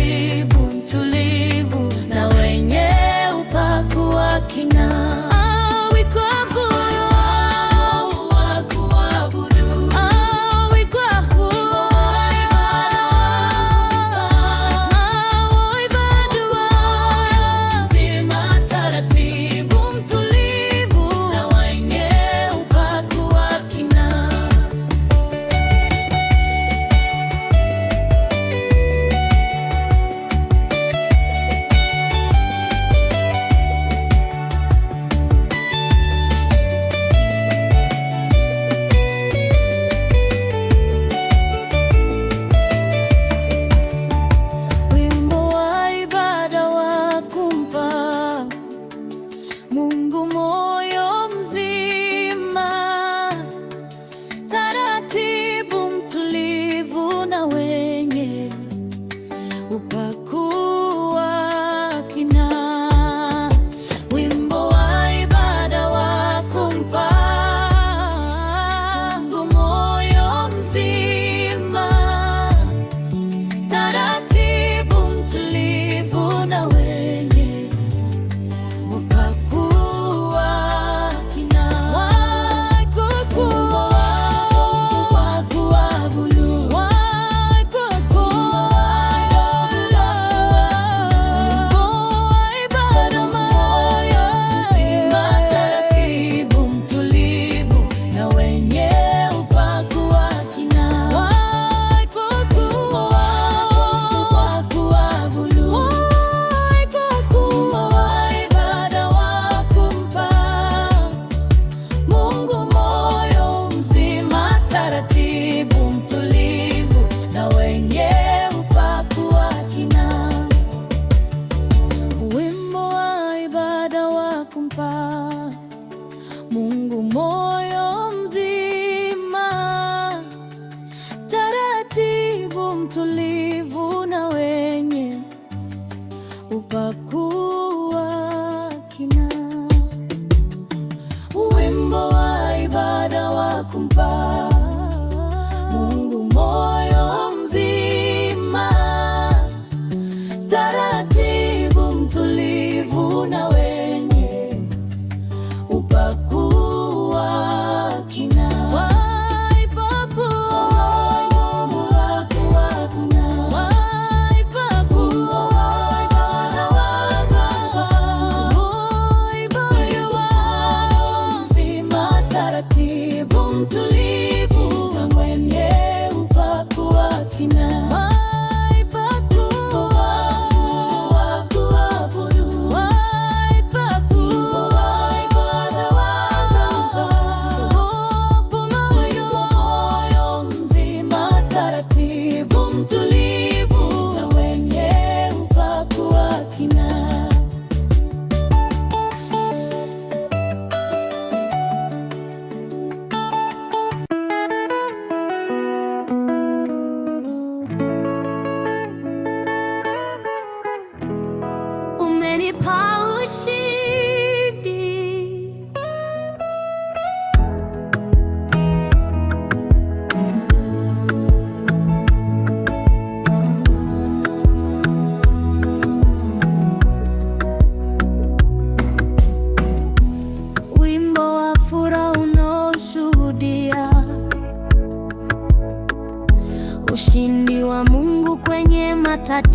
karibu, mtulivu na wenye upaku wa kinaa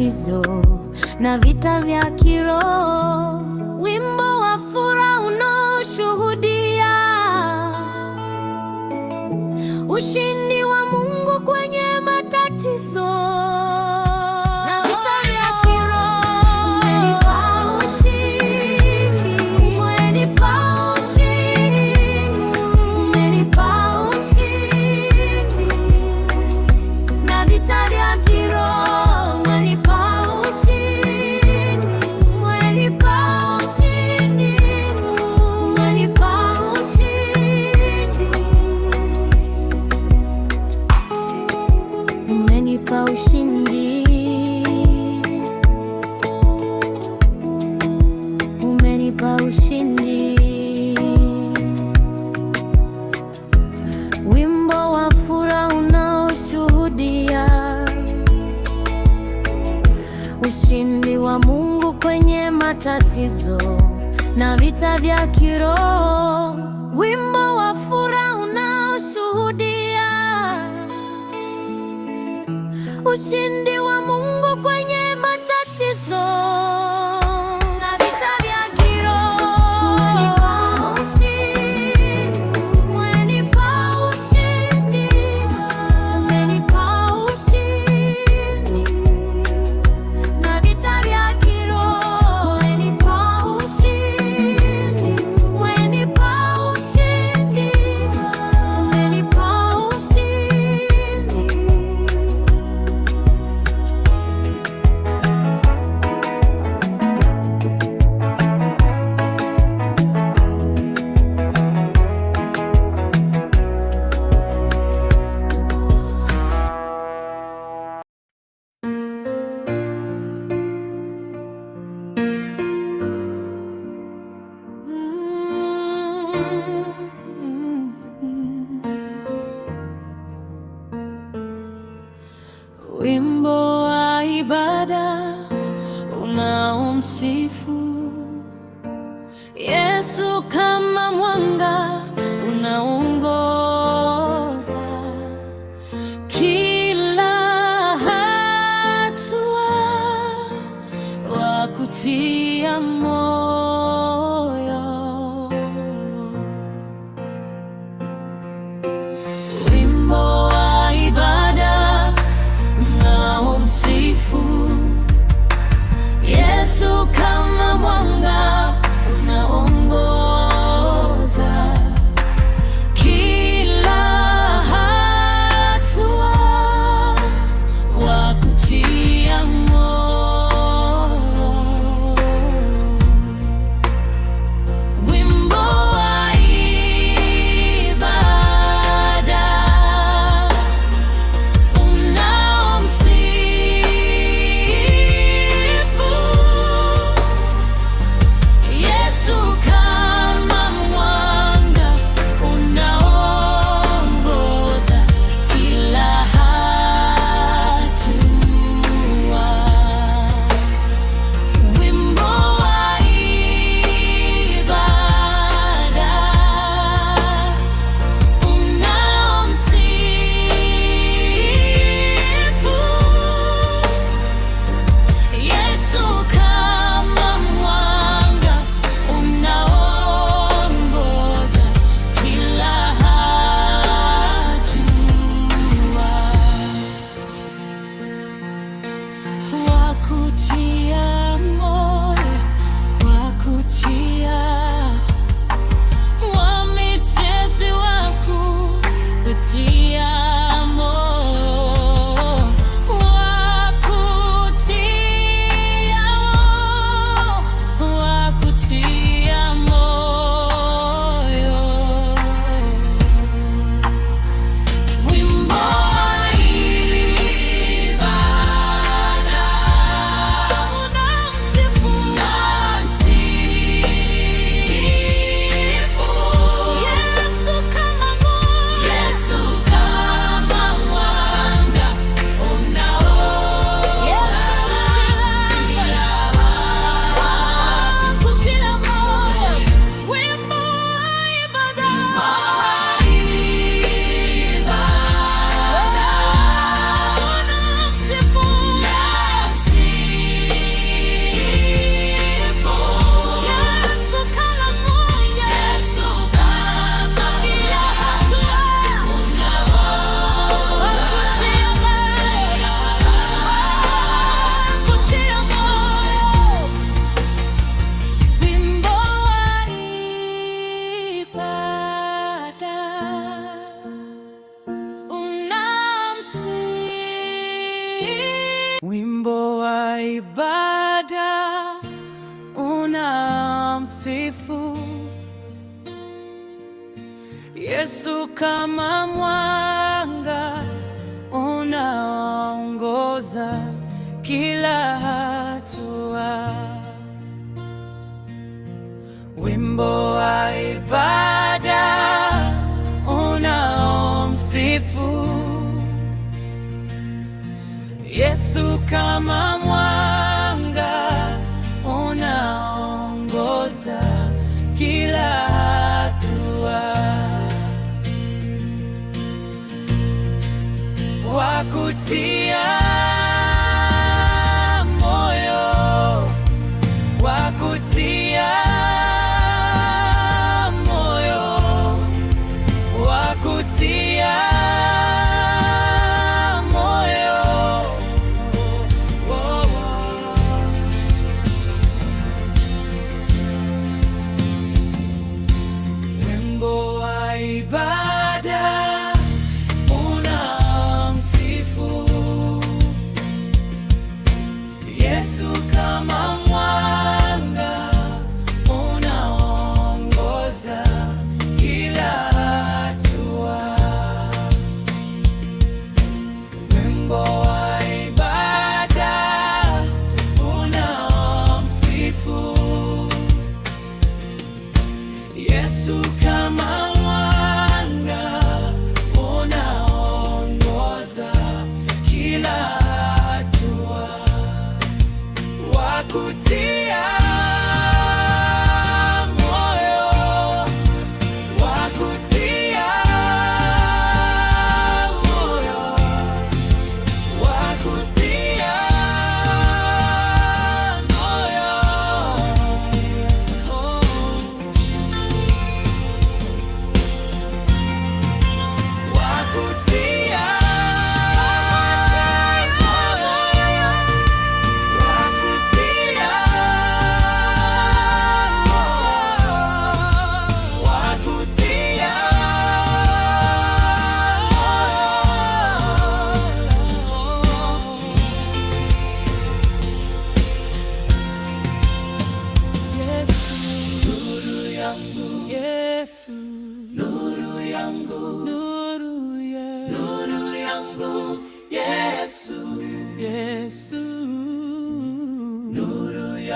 matatizo na vita vya kiroho. wimbo wa ibada unaomsifu Yesu kama mwanga unao na msifu Yesu kama mwanga unaongoza kila hatua. Wimbo wa ibada unaomsifu Yesu kama mwanga tia.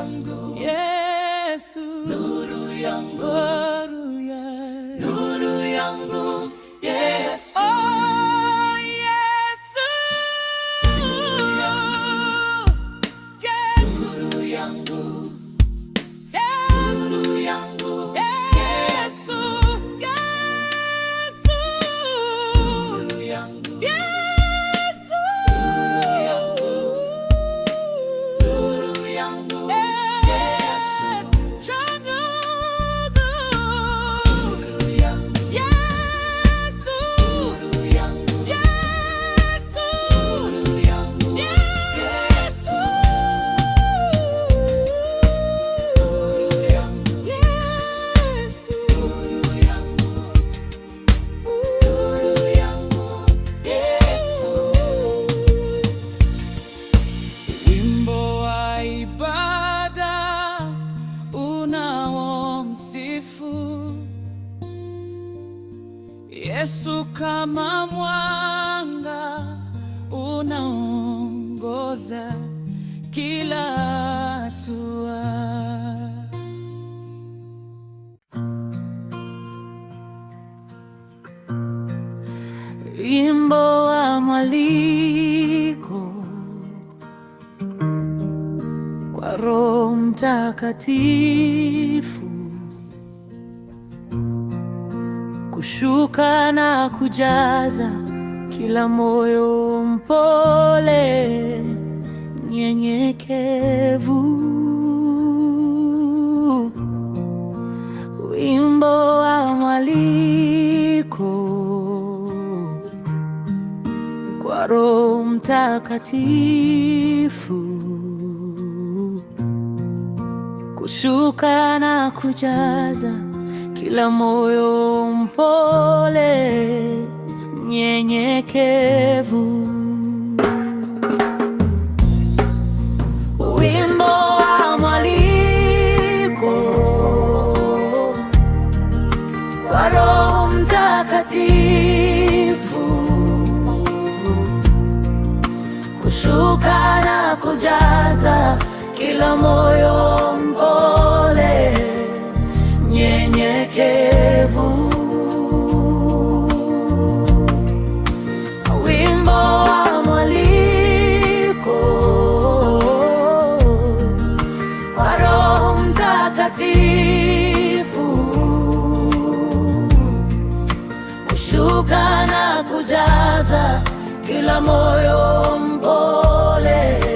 yangu Yesu, nuru yangu oh. wimbo wa mwaliko kwa Roho Mtakatifu kushuka na kujaza kila moyo mpole nyenyekevu, wimbo wa mwaliko Roho Mtakatifu kushuka na kujaza kila moyo mpole mnyenyekevu Shuka na kujaza kila moyo mpole mnyenyekevu. Wimbo wa mwaliko wa Roho Mtakatifu ushuka na kujaza kila moyo mpole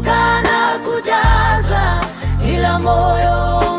kuinuka na kujaza kila moyo